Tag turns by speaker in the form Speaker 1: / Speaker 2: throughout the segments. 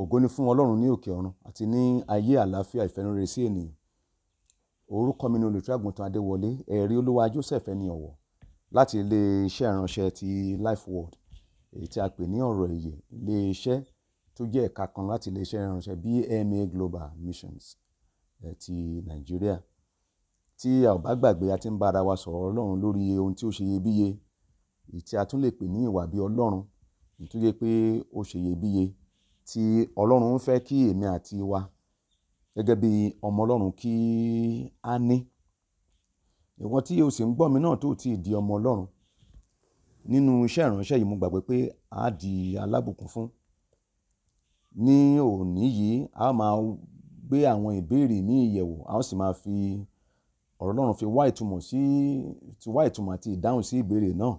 Speaker 1: Ògo ni fún Ọlọ́run ní òkè ọ̀run àti ní ayé àlàáfíà ìfẹ́nurere sí ènìyàn. Orúkọ mi ni olùṣọ́ àgùntàn Adéwọlé, ẹ̀rí Olúwa Joseph ẹni ọ̀wọ̀ láti ilé iṣẹ́ ìránṣẹ́ ti Life Word èyí tí a pè ní ọ̀rọ̀ ìyè ilé iṣẹ́ tó jẹ́ ẹ̀ka kan láti ilé iṣẹ́ ìránṣẹ́ BMA Global Missions ti Nàìjíríà. Tí a ò bá gbàgbé a ti ń bá ara wa sọ̀rọ̀ Ọlọ́run lórí ohun tí ó ṣe iyebíye èyí tí a tún lè pè ní ìwà bí Ọlọ́run èyí pé ó ṣe iyebíye tí Ọlọ́run ń fẹ́ kí èmi àti wa gẹ́gẹ́ bí ọmọ Ọlọ́run kí a ní. Ìwọ tí o sì ń gbọ́ mi náà tó ti di ọmọ Ọlọ́run nínú iṣẹ́ ìránṣẹ́ yìí mo gbàgbọ́ pé a di alábùkún fún. Ní òní yìí a máa gbé àwọn ìbéèrè mi yẹ̀wò a ó sì máa fi ọ̀rọ̀ Ọlọ́run fi wá ìtumọ̀ sí, ti wá ìtumọ̀ àti ìdáhùn sí ìbéèrè náà.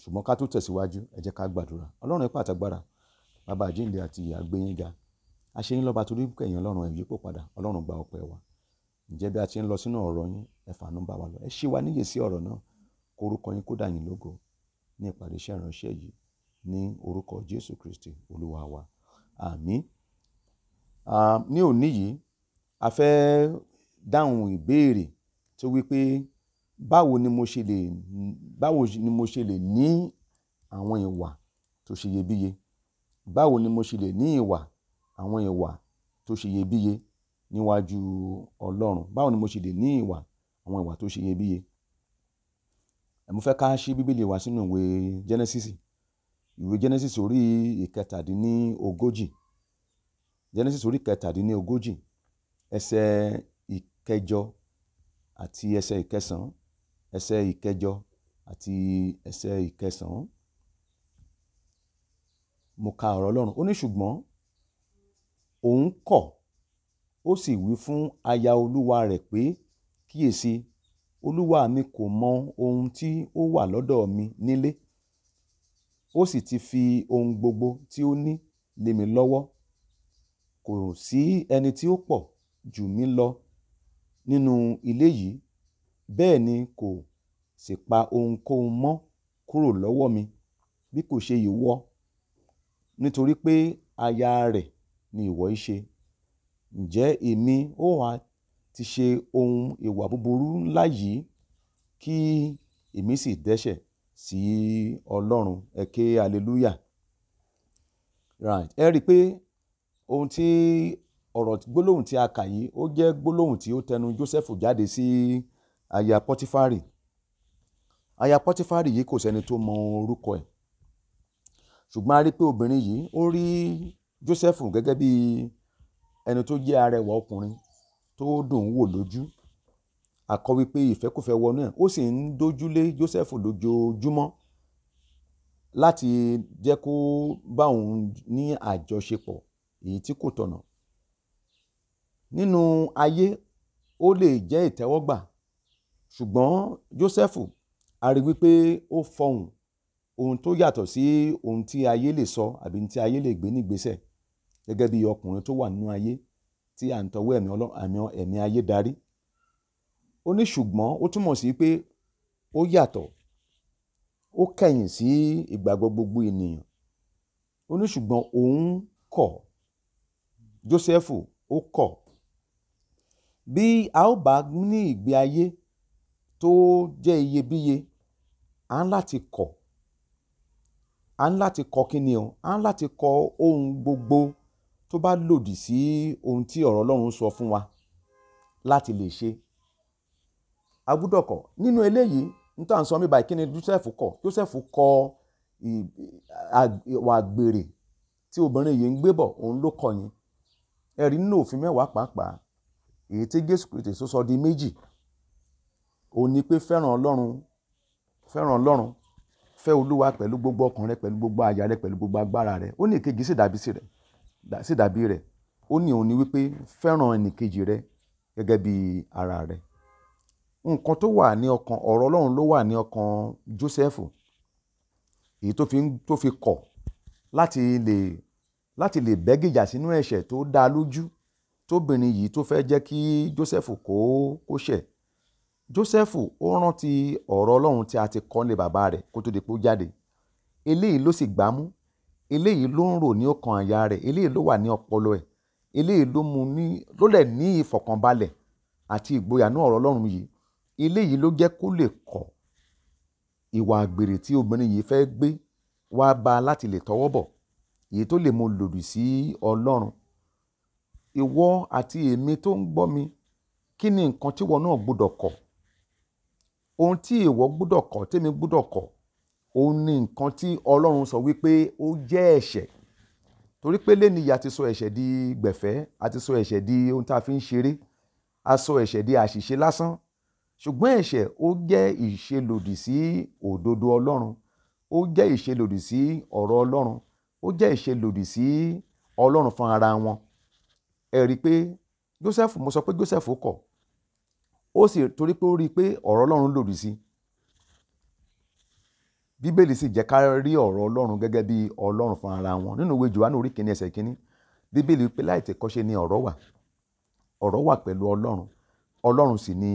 Speaker 1: Ṣùgbọ́n ká tó tẹ̀síwájú ẹ ká gbàdúrà. Ọlọ́run ipá àtàgbàrà bàbá àjíǹde àti ìyá gbé yín ga a ṣe yín lọ́ba torí kẹ̀yìn ọlọ́run ẹ̀yí pò padà ọlọ́run gba ọpẹ́ wa ǹjẹ́ bí a ti ń lọ sínú ọ̀rọ̀ yín ẹ fàánú bá wa lọ ẹ ṣe wa níyè sí ọ̀rọ̀ náà korúkọ yín kó dà yín lógo ní ìpàdé iṣẹ́ ìránṣẹ́ yìí ní orúkọ Jésù Kristi olúwa wa àmín ní òní yìí a fẹ́ dáhùn ìbéèrè tó wípé báwo ni mo ṣe lè báwo ni mo ṣe lè ní àwọn ìwà tó ṣe báwo ni mo ṣe lè ní ìwà àwọn ìwà tó ṣe iyebíye níwájú Ọlọ́run? Báwo ni mo ṣe lè ní ìwà àwọn ìwà tó ṣe iyebíye? Mo fẹ́ ká ṣí Bíbélì wa sínú ìwé Genesis. Ìwé Genesis orí ìkẹtàdínní Genesis orí ìkẹtàdínní ogójì, ẹsẹ̀ ìkẹjọ àti ẹsẹ̀ ìkẹsàn-án, ẹsẹ̀ ìkẹjọ àti ẹsẹ̀ ìkẹsàn-án mo ka ọ̀rọ̀ ọlọ́run ó ní ṣùgbọ́n òun kọ̀ ó sì wí fún aya olúwa rẹ̀ pé kíyèsí olúwa mi kò mọ ohun tí ó wà lọ́dọ̀ mi nílé ó sì ti fi ohun gbogbo tí ó ní lé mi lọ́wọ́ kò sí ẹni tí ó pọ̀ jù mí lọ nínú ilé yìí bẹ́ẹ̀ ni kò sì pa ohunkóhun mọ́ kúrò lọ́wọ́ mi bí kò ṣe ìwọ nítorí pé aya rẹ̀ ni ìwọ í ṣe ǹjẹ́ èmi ó ha ti ṣe ohun ìwà búburú ńlá yìí kí èmi sì dẹ́ṣẹ̀ sí ọlọ́run ẹ ké hallelujah right ẹ rí i pé ohun tí ọ̀rọ̀ gbólóhùn tí a kà yìí ó jẹ́ gbólóhùn tí ó tẹnu Jósẹ́fù jáde sí aya Pọ́tífárì aya Pọ́tífárì yìí kò sẹ́ni tó mọ orúkọ ẹ̀ ṣùgbọ́n a rí i pé obìnrin yìí ó rí joseph gẹ́gẹ́ bí ẹni tó jẹ́ arẹwà ọkùnrin tó dùn wò lójú àkọ́ wípé ìfẹ́kùfẹ́ wọnú ẹ̀ ó sì ń dojúlé joseph lójoojúmọ́ láti jẹ́ kó bá òun ní àjọṣepọ̀ èyí tí kò tọ̀nà nínú ayé ó lè jẹ́ ìtẹ́wọ́gbà ṣùgbọ́n joseph a rí wípé ó fọhùn ohun tó yàtọ̀ sí ohun tí ayé lè sọ àbí tí ayé lè gbé nígbésẹ̀ gẹ́gẹ́ bí ọkùnrin tó wà nínú ayé tí à ń tọwọ́ ẹ̀mí ọlọ́run àmì ẹ̀mí ayé darí ó ní ṣùgbọ́n ó túmọ̀ sí pé ó yàtọ̀ ó kẹ̀yìn sí ìgbàgbọ́ gbogbo ènìyàn ó ní ṣùgbọ́n òun kọ̀ Jósẹ́fù ó kọ̀ bí a ó bá ní ìgbé ayé tó jẹ́ iyebíye à ń láti kọ̀ a ń láti kọ kí ni o a ń láti kọ ohun gbogbo tó bá lòdì sí ohun tí ọ̀rọ̀ ọlọ́run sọ fún wa láti lè ṣe a nínú eléyìí nítorí ń sọ mí báyìí kí ni Joseph kọ Joseph kọ ìwà àgbèrè tí obìnrin yìí ń gbé bọ̀ òun ló kọ yẹn ẹ̀rí nínú òfin mẹ́wàá pàápàá èyí tí Jésù Kristi sọ di méjì òun ni pé fẹ́ràn ọlọ́run fẹ́ràn ọlọ́run fẹ́ olúwa pẹ̀lú gbogbo ọkàn rẹ pẹ̀lú gbogbo àyà rẹ pẹ̀lú gbogbo agbára rẹ ó ní ìkejì sì dàbí sí rẹ sì dàbí rẹ ó ní òun ni wípé fẹ́ràn ẹnìkejì rẹ gẹ́gẹ́ bí ara rẹ nǹkan tó wà ní ọkàn ọ̀rọ̀ ọlọ́run ló wà ní ọkàn Joseph èyí tó fi tó fi kọ̀ láti lè láti lè bẹ́gìjà sínú ẹ̀ṣẹ̀ tó dá lójú tóbìnrin yìí tó fẹ́ jẹ́ kí Joseph kó kó ṣẹ̀ Joseph, ó rántí ọ̀rọ̀ ọlọ́run tí a ti kọ́ nílé bàbá rẹ̀ kó tó di pé ó jáde eléyìí ló sì gbámú eléyìí ló ń rò ní ọkàn àyà rẹ̀ eléyìí ló wà ní ọpọlọ ẹ̀ eléyìí ló mú ní ló lẹ̀ ní ìfọ̀kànbalẹ̀ àti ìgboyà ní ọ̀rọ̀ ọlọ́run yìí eléyìí ló jẹ́ kó lè kọ̀ ìwà àgbèrè tí obìnrin yìí fẹ́ gbé wá bá láti lè tọwọ́ bọ̀ èyí tó lè mú lòdì sí ọlọ́run ìwọ àti èmi tó ń gbọ́ mi kí ni nǹkan tí wọn náà gbọ́dọ̀ kọ̀ ohun tí ìwọ gbọ́dọ̀ kọ̀ tèmi gbọ́dọ̀ kọ̀ òun ni nǹkan tí ọlọ́run sọ wípé ó jẹ́ ẹ̀ṣẹ̀ torí pé lẹ́ni a ti sọ ẹ̀ṣẹ̀ di gbẹ̀fẹ́ a ti sọ ẹ̀ṣẹ̀ di ohun tá a fi ń ṣeré a sọ ẹ̀ṣẹ̀ di àṣìṣe lásán ṣùgbọ́n ẹ̀ṣẹ̀ ó jẹ́ ìṣelòdì sí òdodo ọlọ́run ó jẹ́ ìṣelòdì sí ọ̀rọ̀ ọlọ́run ó jẹ́ ìṣelòdì sí ọlọ́run fún ara wọn ẹ pé Joseph mo sọ pé Joseph kọ̀ ó sì torí pé ó rí i pé ọ̀rọ̀ Ọlọ́run lòdì sí bíbélì sì jẹ́ ká rí ọ̀rọ̀ Ọlọ́run gẹ́gẹ́ bí Ọlọ́run fún ara wọn nínú ìwé Jòhánù orí kìíní ẹsẹ̀ kìíní bíbélì pé láì tẹ̀kọ́ṣe ni ọ̀rọ̀ wà ọ̀rọ̀ wà pẹ̀lú Ọlọ́run Ọlọ́run sì ni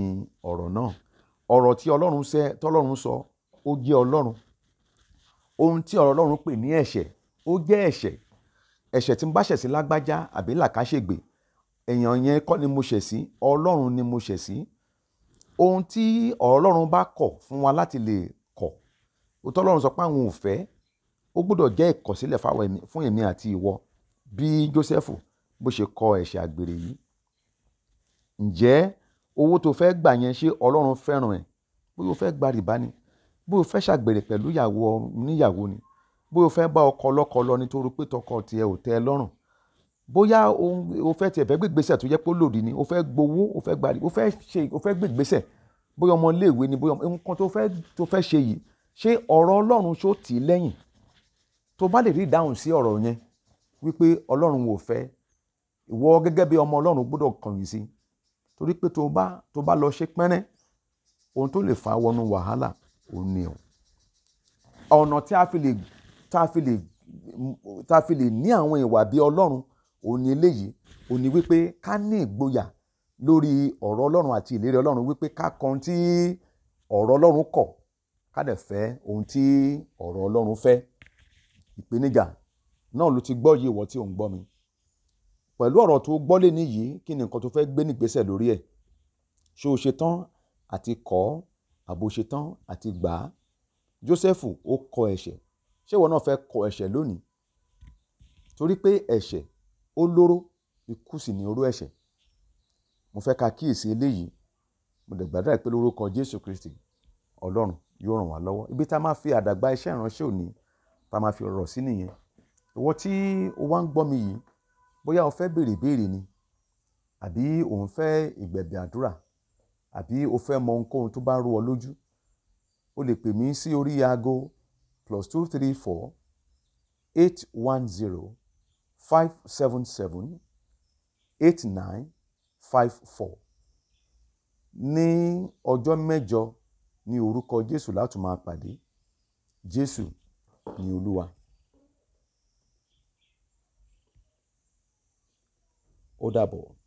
Speaker 1: ọ̀rọ̀ náà ọ̀rọ̀ tí Ọlọ́run sẹ́ tọ́lọ́run sọ ó jẹ́ Ọlọ́run ohun tí ọ̀rọ̀ Ọlọ́run pè ní ẹ̀ṣẹ̀ ó jẹ́ ẹ̀ṣẹ̀ ẹ̀ṣẹ̀ tí ń bá ṣẹ̀ sí lágbájá àbí làkàṣègbè èèyàn yẹn kọ́ ni mo ṣẹ̀ sí Ọlọ́run ni mo ṣẹ̀ sí ohun tí Ọlọ́run bá kọ̀ fún wa láti lè kọ̀ ohun tí Ọlọ́run sọ pé àwọn ò fẹ́ ó gbọ́dọ̀ jẹ́ ìkọ̀sílẹ̀ fún èmi àti ìwọ bí Jósẹ́fù bó ṣe kọ ẹ̀ṣẹ̀ àgbèrè yìí ǹjẹ́ owó tó fẹ́ gbà yẹn ṣé Ọlọ́run fẹ́ràn ẹ̀ bóyá o fẹ́ gba rìbá ni bóyá o fẹ́ ṣàgbèrè pẹ̀lú ìyàwó níyàwó ni bóyá o fẹ́ bá ọkọ lọ́kọ lọ nítorí pé tọkọ tiẹ̀ ò tẹ́ ẹ lọ́rùn bóyá o fẹ́ tiẹ̀ fẹ́ gbé ìgbésẹ̀ tó yẹ pé ó lòdì ni o fẹ́ gbowó o fẹ́ gbàdí o fẹ́ ṣe o fẹ́ gbé ìgbésẹ̀ bóyá ọmọ iléèwé ni bóyá nǹkan tó fẹ́ tó fẹ́ ṣe yìí ṣé ọ̀rọ̀ ọlọ́run ṣó tì í lẹ́yìn tó bá lè rí ìdáhùn sí ọ̀rọ̀ yẹn wípé ọlọ́run ò fẹ́ ìwọ gẹ́gẹ́ bí ọmọ ọlọ́run gbọ́dọ̀ kọ̀yìn sí torí pé tó bá tó bá lọ ṣe pẹ́rẹ́ ohun tó lè fa wọnú wàhálà òun ni o ọ̀nà tá a fi lè tá a fi lè tá a fi lè ní àwọn ìwà bí ọlọ́run òun ni eléyìí òun ni wípé ká ní ìgboyà lórí ọ̀rọ̀ ọlọ́run àti ìlérí ọlọ́run wípé ká kan tí ọ̀rọ̀ ọlọ́run kọ̀ ká dẹ̀ fẹ́ ohun tí ọ̀rọ̀ ọlọ́run fẹ́ ìpèníjà náà ló ti gbọ́ yìí ìwọ tí ò gbọ́ mi pẹ̀lú ọ̀rọ̀ tó gbọ́ lé níyìí kí ni nǹkan tó fẹ́ gbé nígbésẹ̀ lórí ẹ̀ ṣé o ṣe tán àti kọ̀ àbò ṣe tán àti gbà á Jósẹ́fù ó kọ̀ ẹ̀ṣẹ̀ ṣé ìwọ náà fẹ́ kọ̀ ẹ̀ṣẹ̀ lónìí torí pé ẹ̀ṣẹ̀ ó lóró ikú sì ní oró ẹ̀ṣẹ̀ mo fẹ́ ka kíyèsí eléyìí mo dẹ̀ gbàdúrà pé lórúkọ jésù kristi ọlọ́run yóò ràn wá lọ́wọ́ ibi tá a máa fi àdàgbà iṣẹ́ ìránṣẹ́ òní tá a máa fi ọ̀rọ̀ sí nìyẹn ìwọ tí o wá ń gbọ́ mi yìí bóyá o fẹ́ béèrè béèrè ni àbí o ń fẹ́ ìgbẹ̀bẹ̀ àdúrà àbí o fẹ́ mọ ohunkóhun tó bá rú ọ lójú o lè pè mí sí orí aago plus two three four eight one zero five seven seven eight nine five four ní ọjọ́ mẹ́jọ ní orúkọ jésù láti máa pàdé jésù ni olúwa. ó dàbọ̀.